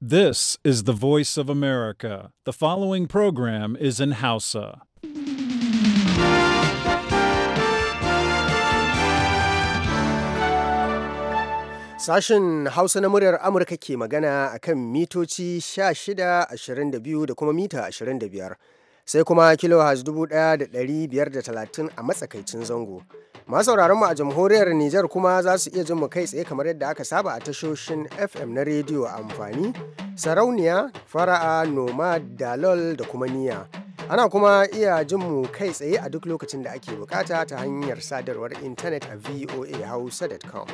This is the voice of America. The following program is in Hausa. Sashen Hausa na muryar Amurka ke magana akan mitoci 16, 22 da kuma mita 25. sai kuma dubu biyar da talatin a matsakaicin zango. Masu mu a jamhuriyar Nijar kuma za su iya jin mu kai tsaye kamar yadda aka saba a tashoshin FM na rediyo amfani, sarauniya, fara'a, noma, dalol da kuma niya. Ana kuma iya jin mu kai tsaye a duk lokacin da ake bukata ta hanyar sadarwar intanet a voahausa.com.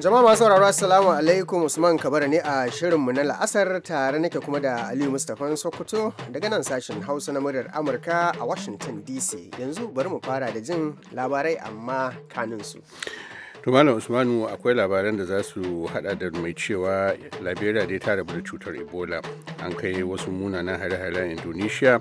Jama'a masu sauraro Assalamu alaikum Usman Kabara ne a mu na la'asar tare nake kuma da Aliyu Mustapha Sokoto daga nan sashen Hausa na muryar Amurka a Washington DC. Yanzu bari mu fara da jin labarai amma kanin su. To Malam Usmanu akwai labaran da za su hada da mai cewa Liberia dai ta rabu da cutar Ebola. An kai wasu munanan hare-haren Indonesia.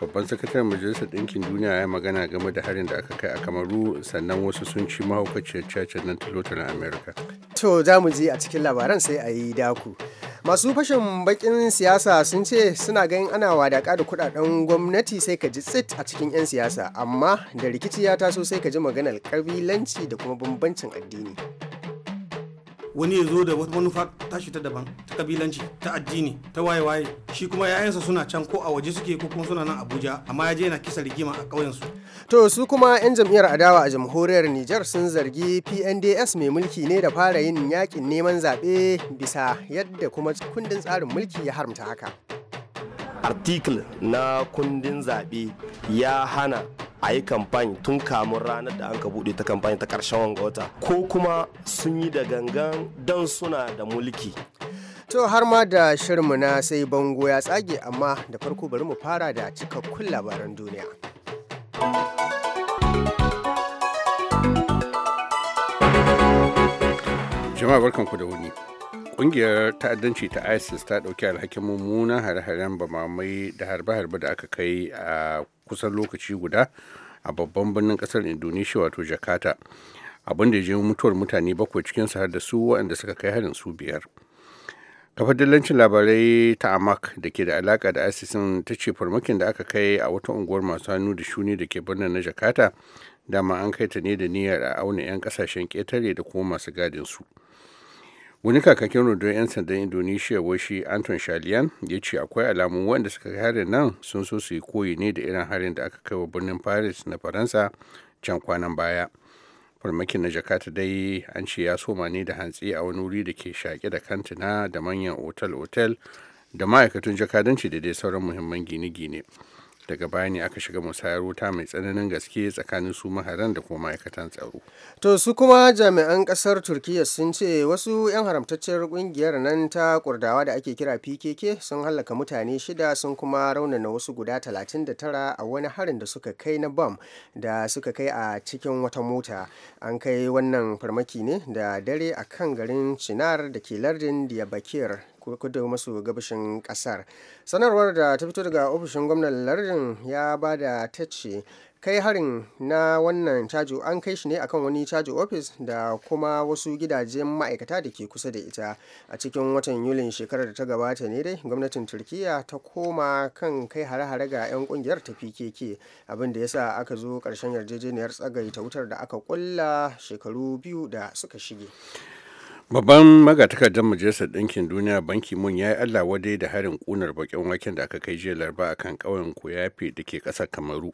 babban sakataren majalisar ɗinkin duniya ya magana game da harin da aka kai a kamaru sannan wasu sun ci mahaukaciyar cacin nan na amerika to za mu je a cikin labaran sai a yi daku masu fashin bakin siyasa sun ce suna ganin ana wadaka da kuɗaɗen gwamnati sai ka ji tsit a cikin 'yan siyasa amma da rikici ya taso sai ka ji maganar kabilanci da kuma bambancin addini wani ya zo da wata manufa tashi ta daban ta kabilanci ta addini ta waye waye shi kuma yayansa suna can ko a waje suke ko kuma suna nan Abuja amma ya je yana kisa rigima a ƙauyen su to su kuma yan jam'iyyar adawa a jamhuriyar Nijar sun zargi PNDS mai mulki ne da fara yin yakin neman zaɓe bisa yadda kuma kundin tsarin mulki ya haramta haka article na kundin zaɓe ya hana a yi kamfani tun kamun ranar da an ka buɗe ta kamfani ta karshen wanga wata ko kuma sun yi da gangan don suna da mulki To har ma da shirinmu na sai bango ya tsage amma da farko bari mu fara da cikakkun labaran duniya. Jama'a barkanku da wuni. Ƙungiyar ta'addanci ta ISIS ta ɗauki alhakin mummuna hare-haren bamamai da harbe-harbe da aka kai a kusan lokaci guda a babban birnin ƙasar Indonesia wato Jakarta. Abin da ya je mutuwar mutane bakwai cikinsu har da su waɗanda suka kai harin su biyar. kafar dillancin labarai ta amak da ke da alaka da isis ta ce farmakin da aka kai a wata unguwar masu hannu da shuni da ke birnin na jakarta dama an kai ta ne da niyyar a auna 'yan kasashen ƙetare da kuma masu gadin su wani kakakin rundunar 'yan sandan indonesia washi anton shaliyan ya ce akwai alamun wanda suka kai harin nan sun so su yi koyi ne da irin harin da aka kai wa birnin paris na faransa can kwanan baya farmakin na jakarta dai an ce ya soma ne da hantsi a wani wuri da ke shaƙe da kantina da manyan otal-otal da ma'aikatun jakadanci da dai sauran muhimman gine-gine daga baya ne aka shiga musayar wuta mai tsananin gaske tsakanin su maharan da kuma ma'aikatan tsaro to su kuma jami'an kasar turkiyya sun ce wasu 'yan haramtacciyar kungiyar nan ta kurdawa da ake kira pkk sun hallaka mutane shida sun kuma raunana wasu guda 39 a wani harin da suka kai na bam da suka kai a cikin wata mota an kai wannan farmaki ne da dare a kan garin cinar da ke lardin diyabakir kudu masu gabashin kasar sanarwar da ta fito daga ofishin gwamnan lardin ya ba da ta ce kai harin na wannan cajo an kai shi ne akan wani cajo ofis da kuma wasu gidajen ma'aikata da ke kusa da ita a cikin watan yulin shekarar da ta gabata ne dai gwamnatin turkiya ta koma kan kai hare-hare ga 'yan kungiyar tafi keke abinda ya sa aka zo karshen yarjejeniyar tsagaita wutar da aka kulla shekaru biyu da suka shige Babban magatakardar Majalisar Ɗinkin Duniya Banki Mun ya yi Allah wadai da harin ƙunar baƙin waken da aka kai jiya Laraba a kan ƙauyen Koyafe da ke ƙasar Kamaru.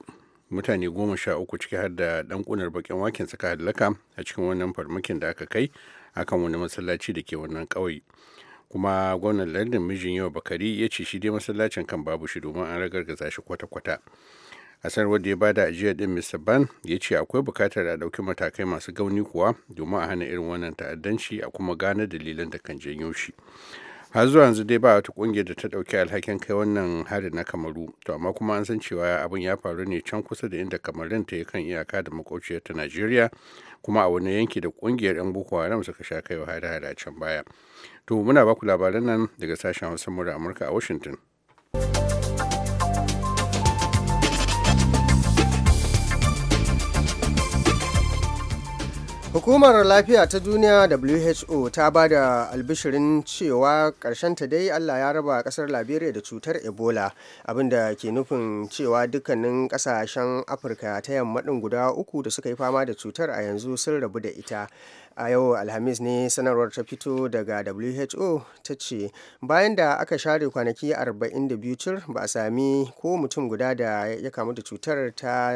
Mutane goma sha uku ciki har da ɗan ƙunar bakin waken suka halaka a cikin wannan farmakin da aka kai akan wani masallaci da ke wannan ƙauye. Kuma gwamnan lardin mijin yau Bakari ya ce shi dai masallacin kan babu shi domin an ragargaza shi kwata-kwata. a sanarwar da ya bada ajiya din mr ban ya ce akwai bukatar a ɗauki matakai masu gauni kuwa domin a hana irin wannan ta'addanci a kuma gane dalilan da kan janyo shi har zuwa yanzu dai ba wata kungiyar da ta ɗauki alhakin kai wannan harin na kamaru to amma kuma an san cewa abin ya faru ne can kusa da inda kamarin ta kan iyaka da makwabciyar ta najeriya kuma a wani yanki da kungiyar yan boko haram suka sha kai hari hare a can baya to muna baku labaran nan daga sashen hausa mura amurka a washington Hukumar Lafiya ta Duniya WHO ta ba da albishirin cewa ta dai Allah ya raba kasar Liberia da cutar Ebola abinda ke nufin cewa dukkanin kasashen Afirka ta yamma guda uku da suka yi fama da cutar a yanzu sun rabu da ita. a yau alhamis ne sanarwar ta fito daga who ta ce bayan da aka share kwanaki 42 cir ba a sami ko mutum guda da ya kamu da cutar ta,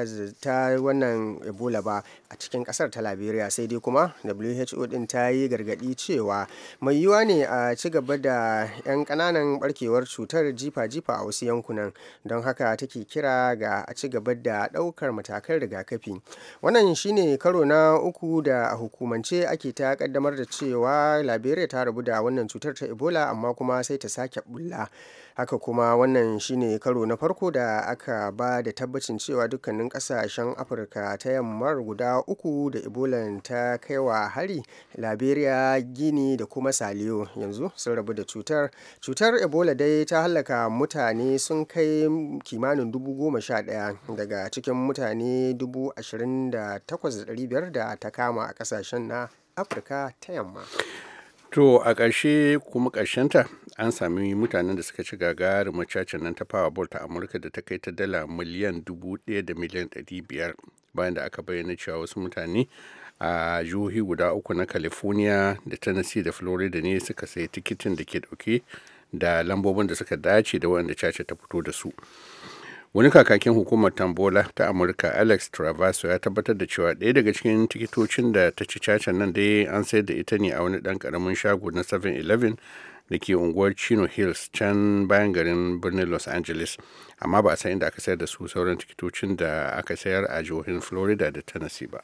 wannan ebola ba a cikin kasar ta liberia sai dai kuma who din ta yi gargadi cewa mai yiwa ne a ci gaba da 'yan kananan barkewar cutar jifa-jifa a wasu yankunan don haka take kira ga a ci gaba da daukar matakan rigakafi wannan shine karo na uku da a hukumance ake ta kaddamar da cewa liberia ta rabu da wannan cutar ta ebola amma kuma sai ta sake bulla haka kuma wannan shine karo na farko da aka ba da tabbacin cewa dukkanin kasashen afirka ta yammar guda uku da ebola ta kaiwa hari liberia gini da kuma salio yanzu sun rabu da cutar cutar ebola dai ta halaka mutane sun kai kimanin dubu goma sha daya daga cikin mutane dubu ashirin da takwas da da ta kama a kasashen na afirka ta yamma to a ƙarshe kuma ƙarshenta an sami mutanen da suka ci gagarin macacin nan ta powerball ta amurka da ta kai ta dala miliyan dubu ɗaya da miliyan ɗari biyar bayan da aka bayyana cewa wasu mutane a jihohi guda uku na california da tennessee da florida ne suka sayi tikitin da ke ɗauke da lambobin da suka dace da waɗanda caca ta fito da su wani kakakin hukumar tambola ta amurka alex travaso ya tabbatar da cewa ɗaya daga cikin tikitocin da ta ci cacan nan dai an sayar da ita ne a wani ɗan karamin shago na 7-eleven da ke unguwar chino hills can bayan garin birnin los angeles amma ba a san inda aka sayar da su sauran tikitocin da aka sayar a jihohin florida da tennessee ba.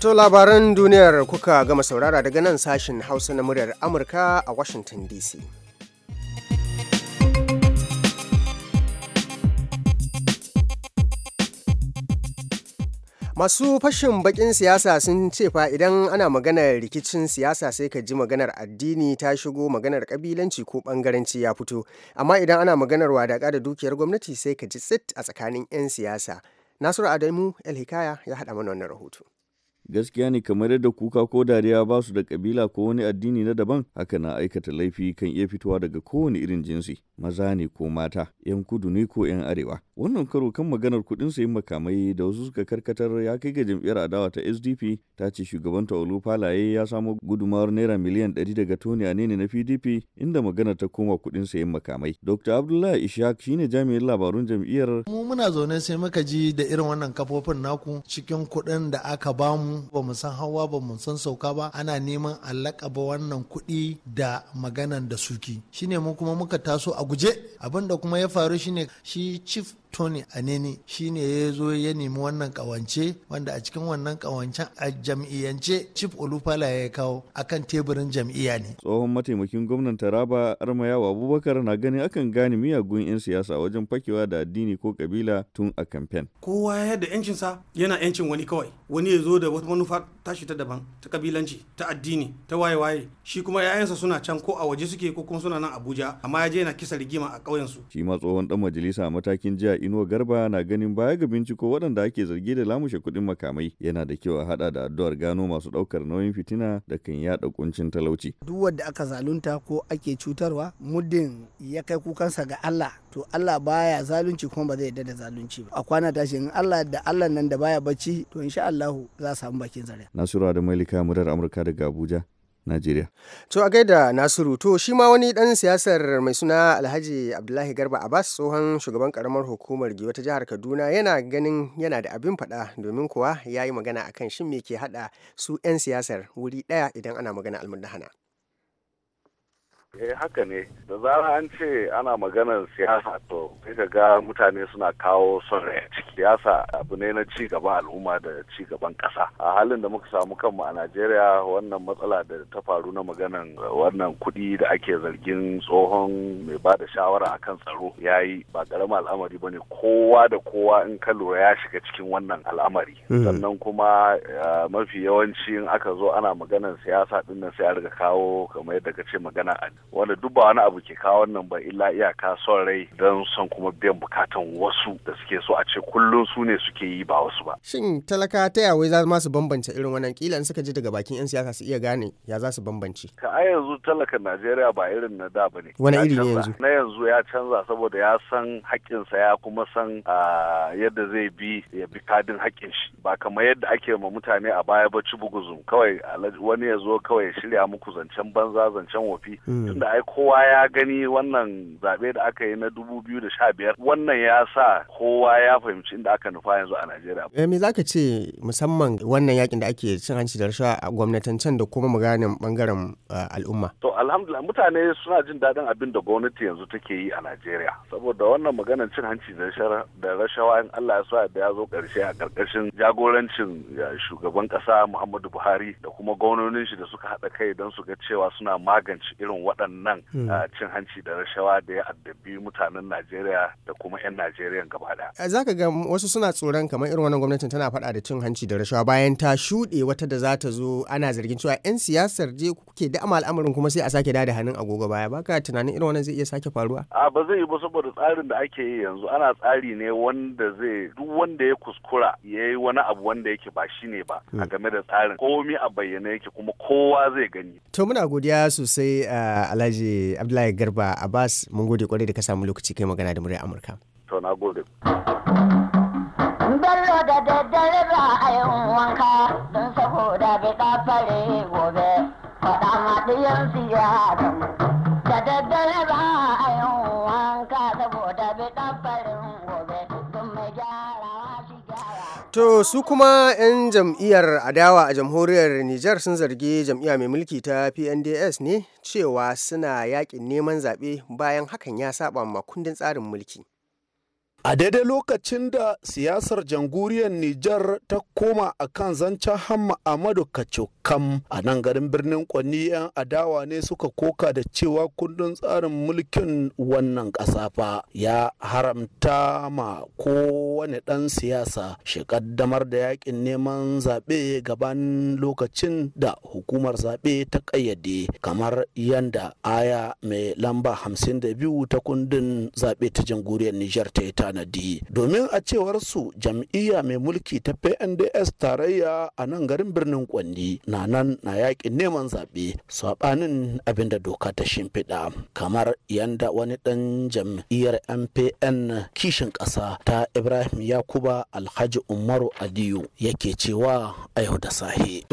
To labaran duniyar kuka gama saurara daga nan sashen Hausa na muryar Amurka a Washington DC. Masu fashin bakin siyasa sun ce fa idan ana maganar rikicin siyasa sai ka ji maganar addini ta shigo maganar kabilanci ko bangaranci ya fito, amma idan ana maganar wadaka da dukiyar gwamnati sai ka ji tsit a tsakanin 'yan siyasa. Nasiru Adamu El Hikaya ya haɗa mana wannan rahoto. gaskiya ne kamar yadda kuka ko dariya ba su da kabila ko wani addini na daban haka na aikata laifi kan iya fitowa daga kowane irin jinsi maza ne ko mata, 'yan kudu ne ko 'yan arewa. Wannan karo kan maganar kuɗin sayin makamai da wasu suka karkatar ya kai ga jam'iyyar adawa ta SDP ta ce shugabanta falaye ya samo gudumawar naira miliyan ɗari daga Tony Anene na PDP inda maganar ta koma kuɗin sayin makamai. Dr. Abdullahi Ishaq shine jami'in labarun jam'iyyar. Mu muna zaune sai muka ji da irin wannan kafofin naku cikin kuɗin da aka bamu ba mu san hawa ba mu san sauka ba ana neman allaka ba wannan kuɗi da maganan da suki. Shine mu kuma muka taso a guje abinda kuma ya faru shine shi chief tony aneni shine ya zo ya nemi wannan kawance wanda a cikin wannan kawancen a jam'iyyance chief olufala ya kawo akan teburin jam'iyya ne tsohon mataimakin gwamnan taraba armayawa abubakar na ganin akan gane miyagun 'yan siyasa wajen fakewa da addini ko kabila tun a kamfen kowa ya da yancinsa yana yancin wani kawai wani ya zo da wata manufa tashi ta daban ta kabilanci ta addini ta waye-waye shi kuma 'ya'yansa suna can ko a waje suke ko kuma suna nan abuja amma ya je yana kisa rigima a ƙauyensu shi ma tsohon dan majalisa a matakin jiya Inuwa Garba na ganin baya ga binciko waɗanda ake zargi da lamushe kuɗin makamai yana da kyau a haɗa da addu'ar gano masu ɗaukar nauyin fitina da kan yaɗa kuncin talauci. Duk wanda aka zalunta ko ake cutarwa muddin ya kai kukansa ga Allah to Allah baya zalunci kuma ba zai yadda da zalunci ba. A kwana tashi in Allah da Allah nan da baya bacci to insha allahu za a samu bakin zare. Nasiru da Malika murar Amurka daga Abuja. Najeriya. To a gaida Nasiru to shi ma wani dan siyasar mai suna Alhaji Abdullahi Garba Abbas tsohon shugaban karamar hukumar Giwa ta jihar Kaduna yana ganin yana da abin fada domin kuwa ya yi magana akan shin me ke hada su 'yan siyasar wuri daya idan ana magana almundahana. eh haka ne da zara an ce ana maganar siyasa to sai ka ga mutane suna kawo son rai ciki siyasa abu ne na ci gaban al'umma da ci gaban ƙasa a halin da muka samu kanmu a Najeriya wannan matsala da ta faru na maganan wannan kuɗi da ake zargin tsohon mai ba da shawara kan tsaro yayi ba garama al'amari bane kowa da kowa in ka lura ya shiga cikin wannan al'amari hmm. sannan kuma eh, mafi yawanci in aka zo ana maganar siyasa dinnan sai a riga kawo kamar yadda ka ce magana wanda duk ba wani abu ke kawo wannan ba illa iyaka son rai don son kuma biyan bukatan wasu da suke so a ce kullum su ne suke yi ba wasu ba. Shin talaka ta yawai za ma su bambance irin wannan kila in suka ji daga bakin 'yan siyasa su iya gane ya za su bambance. Ka a yanzu talaka Najeriya ba irin na da ba Wani iri ne yanzu? Na yanzu ya canza saboda ya san haƙƙinsa ya kuma san yadda zai bi ya bi kadin haƙƙin shi ba kamar yadda ake ma mutane a baya ba ci buguzum kawai wani ya zo kawai ya shirya muku zancen banza zancen wofi. Hmm. tunda ai kowa ya gani wannan zaɓe da aka yi na dubu biyu da sha biyar wannan ya sa kowa ya fahimci inda aka nufa yanzu a Najeriya. Eh, me za ka ce musamman wannan yakin da ake cin hanci da rashawa a gwamnatancen da kuma maganin bangaren eh, al'umma? To alhamdulillah mutane suna jin daɗin abin da gwamnati yanzu take yi a Najeriya saboda wannan maganar cin hanci da rashawa in Allah ya sa da ya zo ƙarshe a ƙarƙashin jagorancin shugaban ƙasa Muhammadu Buhari da kuma gwamnonin shi da suka haɗa kai don su ga cewa suna magance irin waɗannan waɗannan hmm. ah, cin hanci da rashawa da ya addabi mutanen Najeriya da kuma 'yan Najeriya gaba eh, Za ka ga wasu suna tsoron kamar irin wannan gwamnatin tana faɗa da cin hanci da rashawa bayan ta shuɗe wata da za ta zo ana zargin cewa 'yan siyasar je kuke da al'amarin kuma sai a sake da hannun agogo baya Ba ka tunanin irin wannan zai iya sake faruwa. A ba zai yi ba saboda tsarin da ake yi yanzu ana tsari ne wanda zai duk wanda ya kuskura ya yi wani abu wanda yake ba shi ne ba a hmm. game da tsarin komi a bayyana yake kuma kowa zai gani. To muna godiya sosai ah, Alhaji Abdullahi Garba Abbas mun gode kwarai da ka samu lokaci kai magana da muryar Amurka. To na gode. Bello da daddare ba a yin wanka don saboda bai ɗafare gobe faɗa maɗiyan siya da daddare ba To su kuma 'yan jam'iyyar adawa a jamhuriyar Nijar sun zargi jam'iyya mai mulki ta PNDS ne cewa suna yakin neman zaɓe bayan hakan ya saba ma kundin tsarin mulki. A daidai lokacin da siyasar janguriyar Nijar ta koma a kan zancen hamma Amadu Kacokam a nan garin birnin Kwanni 'yan adawa ne suka koka da cewa kundin tsarin mulkin wannan ƙasa fa ya haramta ma kowane ɗan siyasa shi ƙaddamar da yakin neman zaɓe gaban lokacin da hukumar zaɓe ta ƙayyade kamar yanda aya mai lamba 52 ta kundin zaɓe ta janguriyar Nijar ta yi tanadi domin a cewar su jam'iyya mai mulki ta pnds tarayya a nan garin birnin kwanni na nan na yakin neman zaɓe saɓanin abin da doka ta shimfiɗa kamar yanda wani ɗan jam'iyyar mpn kishin ƙasa ta ibrahim yakuba alhaji umaru adiyu yake cewa a yau da sahi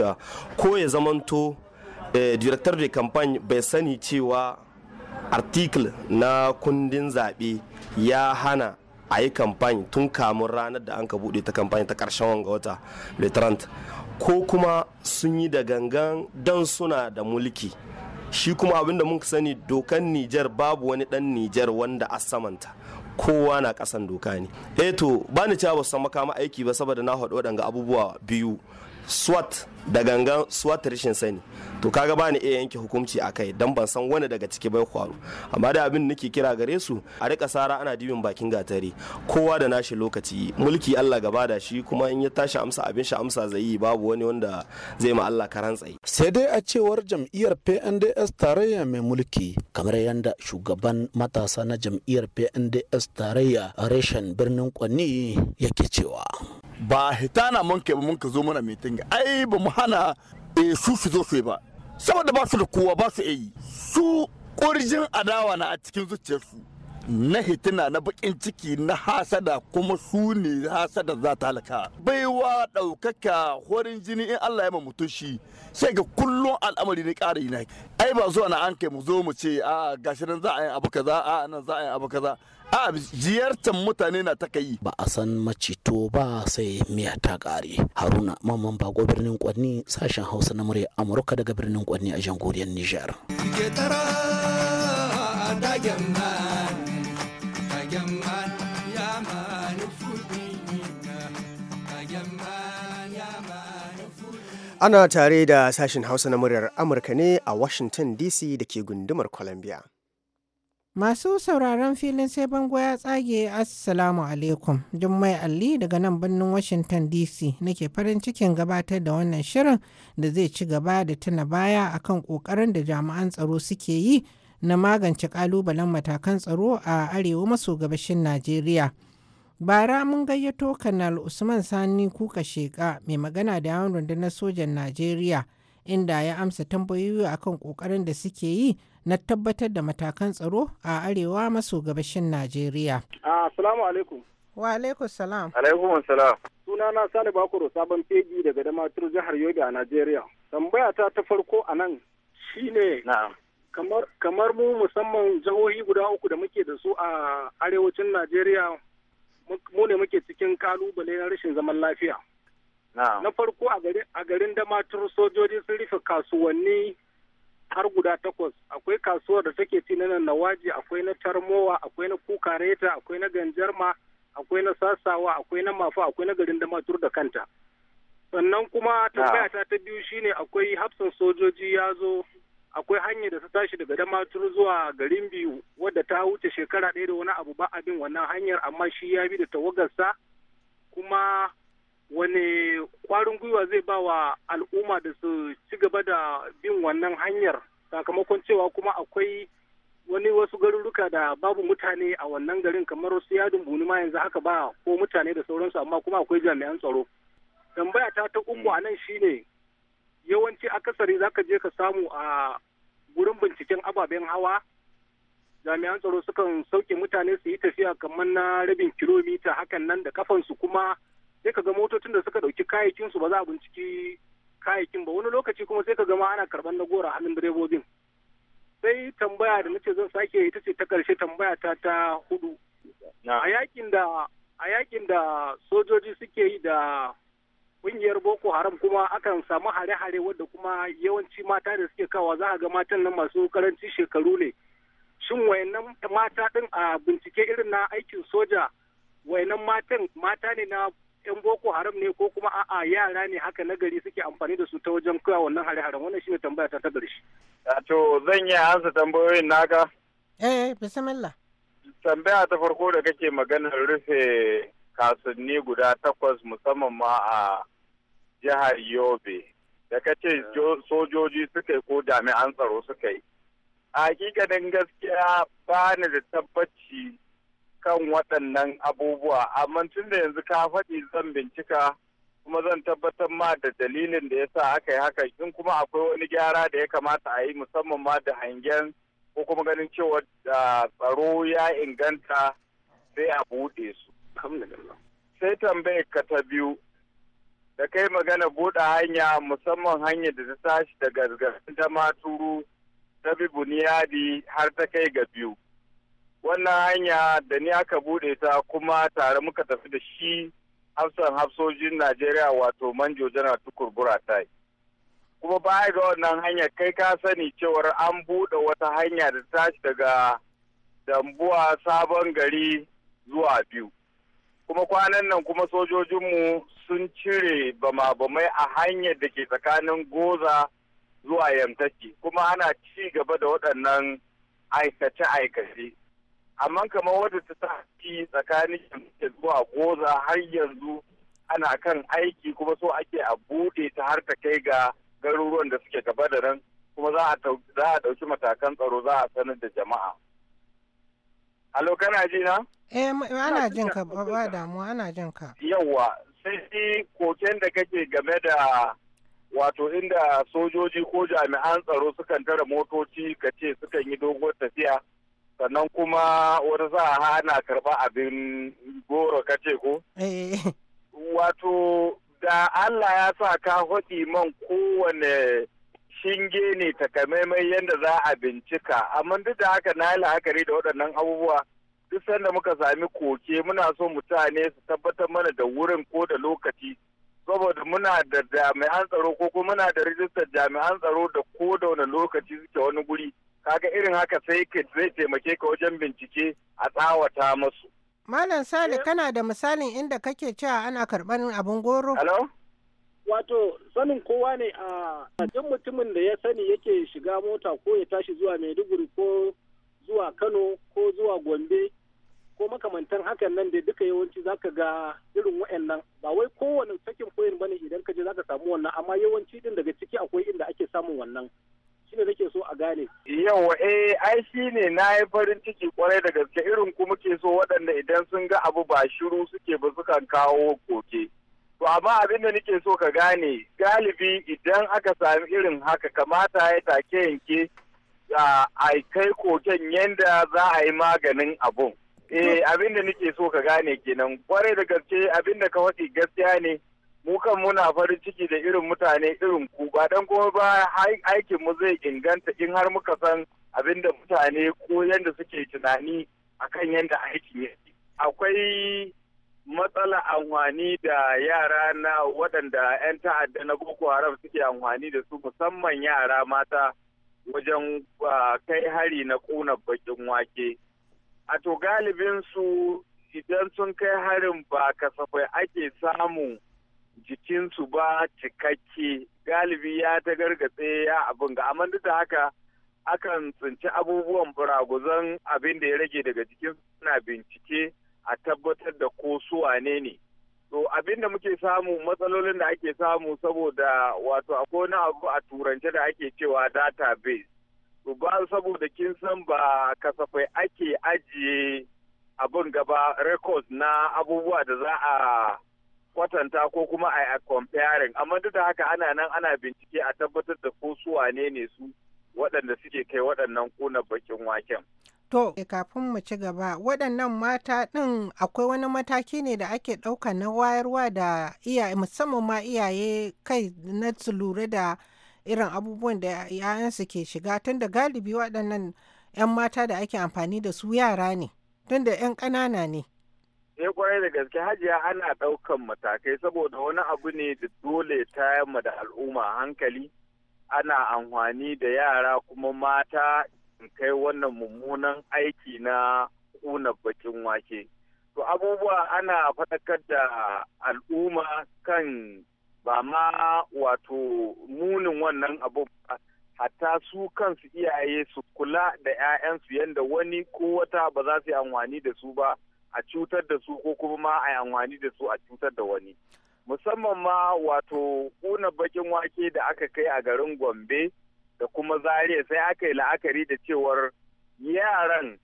ko ya zamanto eh, director de campagne bai sani cewa article na kundin zaɓe ya hana a yi kamfani tun kamun ranar da an ka bude ta kamfani ta karshen wanga wata litrant ko kuma sun yi da gangan don suna da mulki shi kuma abinda mun sani dokan nijar babu wani dan nijar wanda a samanta kowa na kasan doka ne eto eh to ba ni cewa ba su san makama aiki ba saboda na haɗu waɗanga abubuwa biyu swat da gangan suwa ta rashin sani to kaga ba ni iya yanke hukunci a kai don ban san wani daga ciki bai kwaro amma da abin nake kira gare su a rika sara ana dibin bakin gatari kowa da nashi lokaci mulki Allah gaba da shi kuma in ya tashi amsa abin shi amsa zai yi babu wani wanda zai ma Allah karan tsaye sai dai a cewar jam'iyyar PNDS tarayya mai mulki kamar yadda shugaban matasa na jam'iyyar PNDS tarayya reshen birnin kwani yake cewa ba na mun kai ba mun ka zo mana meeting ai ba mu hana eh, su su zo su ba saboda ba su da kowa ba su yi su kurjin adawa na a cikin zuciyarsu na hitina na bakin ciki na hasada kuma su ne hasada za ta halaka baiwa ɗaukaka horin jini in Allah ya mutum shi sai ga kullum al'amari ne ƙara yi ai ba zuwa na an kai mu zo mu ce a ah, gashi nan za a yi abu kaza a nan za a yi abu kaza a ziyartar mutane na ta kai ba a san macito ba sai miya ta kare haruna mamman bago birnin kwanni sashen hausa na murya amurka daga birnin kwanni a jamhuriyar nijar ana tare da sashen hausa na muryar amurka ne a washington dc da ke gundumar columbia Masu sauraron filin sai bango ya tsage Assalamu alaikum. Jummai Ali daga nan birnin Washington DC nake farin cikin gabatar da wannan shirin da zai ci gaba da tuna baya a kan kokarin da jami'an tsaro suke yi na magance kalubalen matakan tsaro a arewa maso gabashin Najeriya. Bara mun gayyato Kanal Usman Sani Kuka Sheka mai magana da yawon rundunar sojan Najeriya. inda ya amsa tambayoyi kan kokarin da suke yi na tabbatar da matakan tsaro a arewa maso gabashin Najeriya. Ah, assalamu alaikum. Wa alaikum salam. Alaikum salam. Sunana Sani Bakuru sabon fegi daga Damatur jihar Yobe a Najeriya. Tambaya ta ta farko a nan shine kamar kamar mu musamman jihohi guda uku da muke da su a arewacin Najeriya mu ne muke cikin kalubale na rashin zaman lafiya. na farko a garin damatur sojoji sun rufe kasuwanni har guda takwas akwai kasuwar da take ci na waje akwai na tarmowa akwai na kukareta akwai na ganjarma akwai na sasawa akwai na mafa akwai na garin matur da kanta sannan kuma tambaya ta ta biyu shine akwai hafsan sojoji ya zo akwai hanyar da ta tashi daga damatur zuwa garin biyu wadda ta wuce shekara ɗaya da wani abu ba abin wannan hanyar amma shi ya bi da tawagarsa kuma wani kwarin gwiwa zai ba wa al'umma da su ci gaba da bin wannan hanyar sakamakon cewa kuma akwai wani wasu garuruka da babu mutane a wannan garin kamar su yadin buni ma yanzu haka ba ko mutane da sauransu amma kuma akwai jami'an tsaro tambaya ta ta anan a nan shine yawanci akasari za ka je ka samu a gurin binciken ababen hawa jami'an tsaro sukan sauke mutane su yi tafiya kamar na rabin kilomita hakan nan da kafansu kuma sai ka ga motocin da suka dauki kayayyakin su ba za a binciki kayayyakin ba wani lokaci kuma sai ka ga ma ana karban na gora hannun direbobin sai tambaya da nace zan sake ita ce ta karshe tambaya ta ta hudu a yakin da a yakin da sojoji suke yi da kungiyar boko haram kuma akan samu hare-hare wadda kuma yawanci mata da suke kawa za a ga matan nan masu karanci shekaru ne shin wayannan mata din a bincike irin na aikin soja wayannan matan mata ne na 'yan boko haram ne ko kuma a'a yara ne haka nagari suke amfani da su ta wajen kawo wannan hare haram wannan shine tambaya ta ta ƙarshe. to zan yi ansa tambayoyin naka. Eh, eh bismillah. tambaya ta farko da kake maganar rufe kasanni guda takwas musamman ma a jihar yobe da kace sojoji suka yi ko jami'an tsaro suka yi. a hakikanin gaskiya ba ni da tabbaci kan waɗannan abubuwa amma tun da yanzu ka faɗi zan bincika kuma zan tabbatar ma da dalilin da ya sa aka yi haka in kuma akwai wani gyara da ya kamata a yi musamman ma da hangen ko kuma ganin cewa tsaro ya inganta sai a buɗe su sai tambayar ka ta biyu da kai magana buɗe hanya musamman hanyar da ta tashi daga gargarin ta maturu ta bi buniyadi har ta kai ga biyu wannan hanya da ni aka bude ta kuma tare muka tafi da shi hafsan hafsojin najeriya wato manjo jana tukur buratai kuma baya ga wannan hanya kai ka sani cewar an bude wata hanya da ta tashi daga dambuwa sabon gari zuwa biyu kuma kwanan nan kuma sojojinmu sun cire bama-bamai a hanyar da ke tsakanin goza zuwa yamtaki kuma ana ci gaba da waɗannan aikace-aikace amma kamar wadda ta tafi tsakanin da zuwa goza har yanzu ana kan aiki kuma so ake a bude ta har ta kai ga garuruwan da suke gaba da nan kuma za a ɗauki matakan tsaro za a sanar da jama'a. Alo kana ji na? Eh ana jin ka ba damuwa ana jin ka. Yawwa sai koken da kake game da wato inda sojoji ko jami'an tsaro sukan tara motoci ka ce sukan yi doguwar tafiya sannan kuma wani za a hana karba abin goro kace ko eh. wato da Allah ya sa ka faki man kowane shinge ne takamaimai yadda za a bincika amma duk da haka na yi la'akari da waɗannan abubuwa duk sanda muka sami koke muna so mutane su tabbatar mana da wurin ko da lokaci saboda muna da jami'an tsaro ko kuma muna da rijistar jami'an tsaro da ko da wani lokaci suke wani guri kaga irin haka sai zai taimake ka wajen bincike a tsawata masu malam sale eh? kana da misalin inda kake cewa ana karɓar abin goro Halo? wato sanin kowa ne a duk mutumin da ya sani yake shiga mota ko ya tashi zuwa maiduguri ko zuwa kano ko zuwa gombe ko makamantan hakan nan da duka yawanci zaka ga irin wa'annan ba wai kowane sakin koyin bane idan ka je zaka samu wannan amma yawanci din daga ciki akwai inda ake samun wannan shine nake so a gane. Yau eh ai shi ne na yi farin ciki kwarai da gaske irin kuma ke so waɗanda idan sun ga abu ba shiru suke ba sukan kawo koke. To amma abin da nake so ka gane galibi idan aka sami irin haka kamata ya take yanke a kai koken yanda za a yi maganin abun. Eh abin da nake so ka gane kenan kwarai da gaske abin da ka faɗi gaskiya ne. mu kan muna farin ciki da irin mutane irin ku ba dan kuma ba aikin mu zai inganta in har muka san abin da mutane ko yadda suke tunani akan yadda aikin yake akwai matsala amfani da yara na waɗanda 'yan ta'adda na boko haram suke amfani da su musamman yara mata wajen kai hari na ƙuna bakin wake a to galibinsu idan sun kai harin ba kasafai ake samu jikinsu ba cikakke galibi ya ta gargatse ya abin ga amma duk da haka akan tsinci abubuwan buraguzan abin da ya rage daga jikin suna bincike a tabbatar da ko su wane ne to abin da muke samu matsalolin da ake samu saboda wato akwai na abu a turance da ake cewa database to ba saboda kin san ba kasafai ake ajiye abin gaba records na abubuwa da za a kwatanta ko kuma a comparing amma duk da haka ana nan ana bincike a tabbatar da ko su wane ne su waɗanda suke kai waɗannan kona bakin waken. To, kafin mu ci gaba, waɗannan mata ɗin akwai wani mataki ne da ake ɗauka na wayarwa da iyaye musamman ma iyaye kai na su lura da irin abubuwan da yayansu ke shiga tunda galibi waɗannan 'yan mata da ake amfani da su yara ne, tunda 'yan ƙanana ne. sai eh, kwarai da gaske hajiya ana ɗaukan matakai saboda wani abu ne da dole ta yamma da al'umma hankali ana amfani da yara kuma mata in kai wannan mummunan aiki na kuna bakin wake to abubuwa ana faɗakar da al'umma kan ba ma wato munin wannan abu hatta su kansu iyaye su kula da 'ya'yansu yadda wani ko wata ba za su yi amfani da su ba a cutar da su ko kuma ma a amfani da su a cutar da wani musamman ma wato kuna bakin wake da aka kai a garin gombe da kuma zaria sai aka yi la'akari da cewar yaran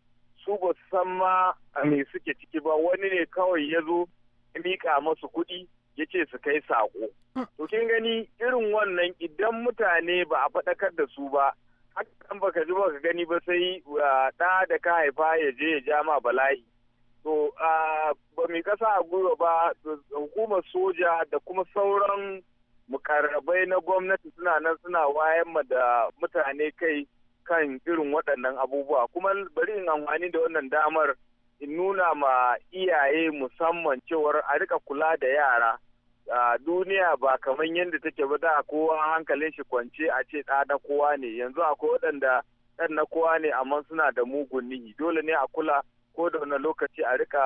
su ba su san ma a me suke ciki ba wani ne kawai ya zo mika masu kuɗi ya ce su kai saƙo. To kin gani irin wannan idan mutane ba a faɗakar da su ba haka kan baka ji baka gani ba sai ah, ɗa da ka haifa ya je ya ja ma bala'i. so ba mai kasa a gura ba hukumar soja da kuma sauran mukarrabai na gwamnati suna nan suna wayan ma da mutane kai kan irin waɗannan abubuwa kuma bari in amfani da wannan damar in nuna ma iyaye musamman cewar a rika kula da yara a duniya ba kamar yadda take ba da kowa hankalin shi kwance a ce ɗa na kowa ne yanzu akwai waɗanda ɗan na kowa ne amma suna da mugun nihi dole ne a kula ko da wani lokaci a rika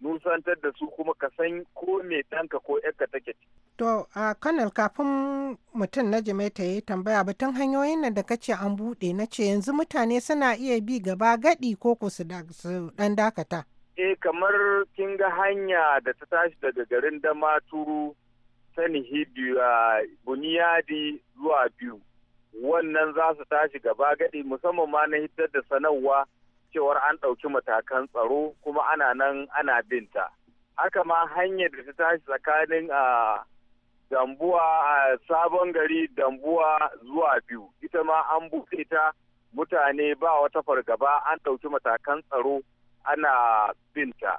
nusantar da su kuma ka san ko me ɗanka ko yarka take ci. To a kanal kafin mutum na Jamaica ya tambaya batun hanyoyin nan da ce an buɗe na ce yanzu mutane suna iya bi gaba gaɗi ko ku su ɗan dakata. Eh kamar kin ga hanya da ta tashi daga garin Damaturu sani hibiyu Buniyadi zuwa biyu. Wannan za su tashi gaba gaɗi musamman ma na hitar da sanarwa cewar an ɗauki matakan tsaro kuma ana nan ana binta haka ma hanyar da ta tashi tsakanin a dambuwa a sabon gari dambuwa zuwa biyu ita ma an buɗe ta mutane ba wata fargaba an ɗauki matakan tsaro ana binta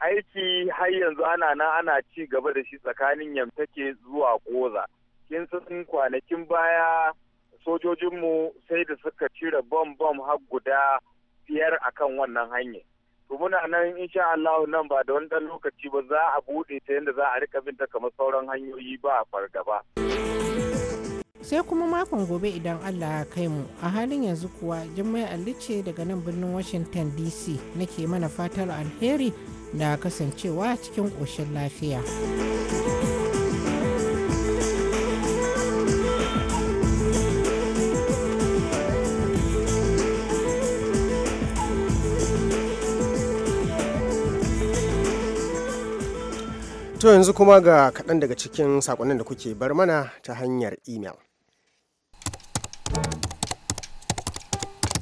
aiki har yanzu ana nan ana ci gaba da shi tsakanin yamtake zuwa goza kin san kwanakin baya sojojinmu sai da suka cire bom bom har guda biyar kan wannan hanyar to muna nan insha Allah nan ba da wani dan lokaci ba za a buɗe ta yadda za a rika binta kamar sauran hanyoyi ba a fargaba sai kuma makon gobe idan Allah ya kai mu a halin yanzu kuwa Jummai Alice daga nan birnin Washington DC nake mana fatar alheri da kasancewa cikin koshin lafiya. To yanzu kuma ga kaɗan daga cikin saƙonnin da kuke bar mana ta hanyar imel.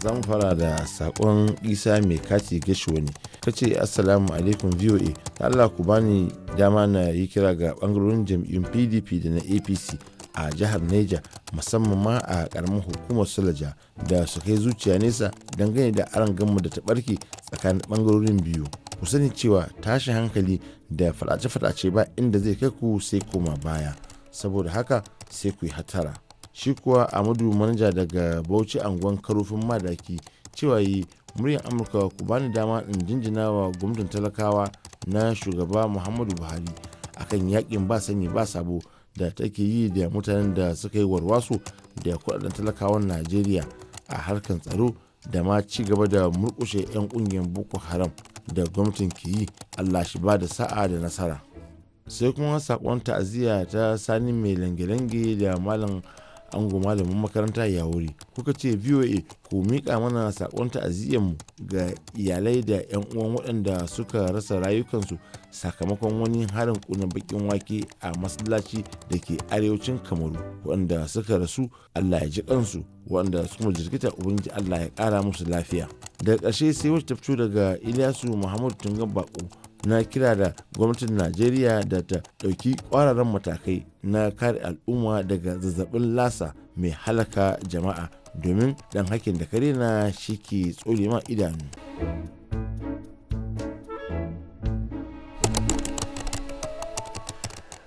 zan fara da sakon isa mai kati ne. ta ce assalamu alaikum voa ta allah ku bani dama na yi kira ga ɓangarorin jam'iyyun pdp da na apc a jihar neja musamman ma a karamin hukumar sulaja da su kai zuciya nesa dangane da aron gama da ta barke tsakanin ɓangarorin biyu ku sani cewa tashi hankali da fadace-fadace ba inda zai kai ku sai koma baya saboda haka sai ku yi hatara shi kuwa amadu manaja daga bauchi anguwan karofin madaki cewa yi muryar amurka ku bani dama in jinjina wa gwamnatin talakawa na shugaba muhammadu buhari akan yakin ba sanyi ba sabo da take yi da mutanen da suka yi warwaso da kudaden talakawan najeriya a harkar tsaro da ma ci gaba da murkushe 'yan kungiyar boko haram da gwamnatin ke yi allah shi ba da sa'a da nasara sai kuma sakon ta'aziyya ta sani mai lange-lange da malam ango malamin makaranta ya wuri kuka ce voa ku mika mana saƙon mu ga iyalai da 'yan uwan waɗanda suka rasa rayukansu sakamakon wani harin kuna bakin wake a masallaci da ke arewacin kamaru waɗanda suka rasu allah ya ji kansu waɗanda kuma jirgita ubangiji allah ya ƙara musu lafiya daga ƙarshe sai wacce ta fito daga ilyasu muhammadu tungan bako na kira da gwamnatin najeriya da ta ɗauki ƙwararren matakai na kare al'umma daga zazzabin lasa mai halaka jama'a domin dan hakin da kare na shi ke tsori ma idanu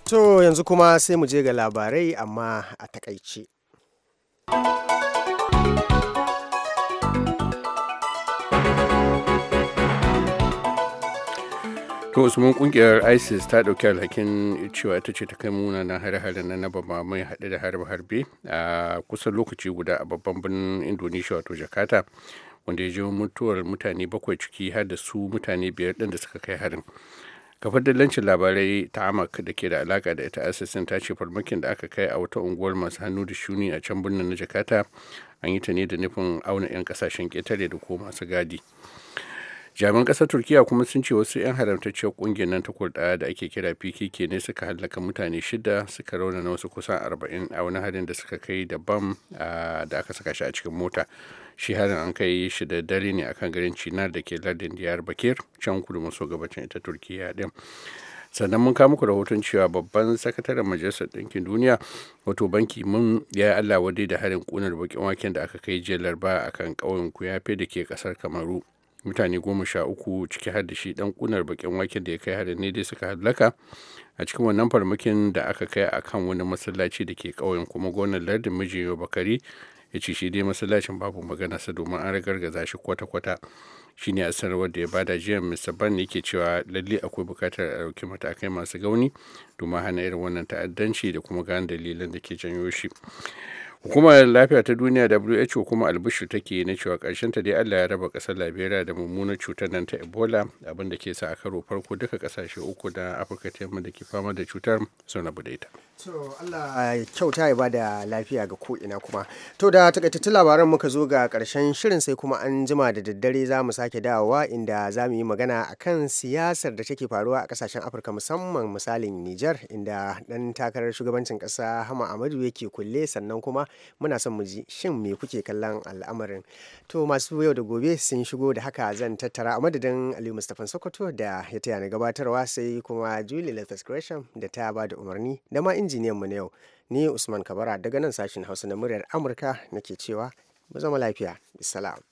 to yanzu kuma sai mu je ga labarai amma a takaice to mun kungiyar isis ta dauki alhakin cewa ita ce ta kai munanan hare-hare na naba mai haɗe da harbe-harbe a kusan lokaci guda a babban birnin indonesia wato jakarta wanda ya ji mutuwar mutane bakwai ciki har da su mutane biyar ɗin da suka kai harin kafar dillancin labarai ta amak da ke da alaka da ita isis ta ce farmakin da aka kai a wata unguwar masu hannu da shuni a can birnin na jakarta an yi ta ne da nufin auna 'yan kasashen ƙetare da ko masu gadi jami'an ƙasar turkiya kuma sun ce wasu 'yan haramtacciyar ƙungiyar nan ta kurɗa da ake kira pkk ne suka hallaka mutane shida suka rauna na wasu kusan 40 a wani harin da suka kai da bam da aka saka shi a cikin mota shi harin an kai shi da dare ne akan garin cinar da ke lardin diyar bakir can kudu maso gabacin ita turkiya din sannan mun muku rahoton cewa babban sakataren majalisar ɗinkin duniya wato banki mun ya yi allah wadai da harin ƙunar bakin waken da aka kai jiya ba akan ƙauyen kuyafe da ke ƙasar kamaru mutane goma sha uku ciki har da shi dan kunar bakin waken da ya kai harin ne dai suka hallaka a cikin wannan farmakin da aka kai a kan wani masallaci da ke ƙauyen kuma gonar lardin yau bakari ya ce shi dai masallacin babu magana sa domin an ragargaza shi kwata-kwata shi ne a sanarwar da ya bada jiya mr ban ke cewa lalle akwai bukatar a ɗauki matakai masu gauni domin hana irin wannan ta'addanci da kuma gane dalilan da ke janyo shi hukumar lafiya ta duniya who kuma albishir take na cewa karshen ta dai allah ya raba kasar liberia da mummunar cutar nan ta ebola abin da ke sa a karo farko duka kasashe uku da afirka ta yamma da ke fama da cutar sun rabu da ita to allah kyauta ya bada lafiya ga ina kuma to da takaitattun labaran muka zo ga karshen shirin sai kuma an jima da daddare za mu sake dawowa inda za mu yi magana akan siyasar da take faruwa a kasashen afirka musamman misalin niger inda dan takarar shugabancin kasa hama amadu yake kulle sannan kuma muna son mu ji shin me kuke kallon al'amarin to masu yau da gobe sun shigo da haka zan tattara a madadin aliyu mustapha sokoto da ya taya na gabatarwa sai kuma julie lathas gresham da ta ba da umarni da ma injiniyan mu na yau ni usman kabara daga nan sashin hausa na muryar amurka nake cewa mu zama lafiya bisalam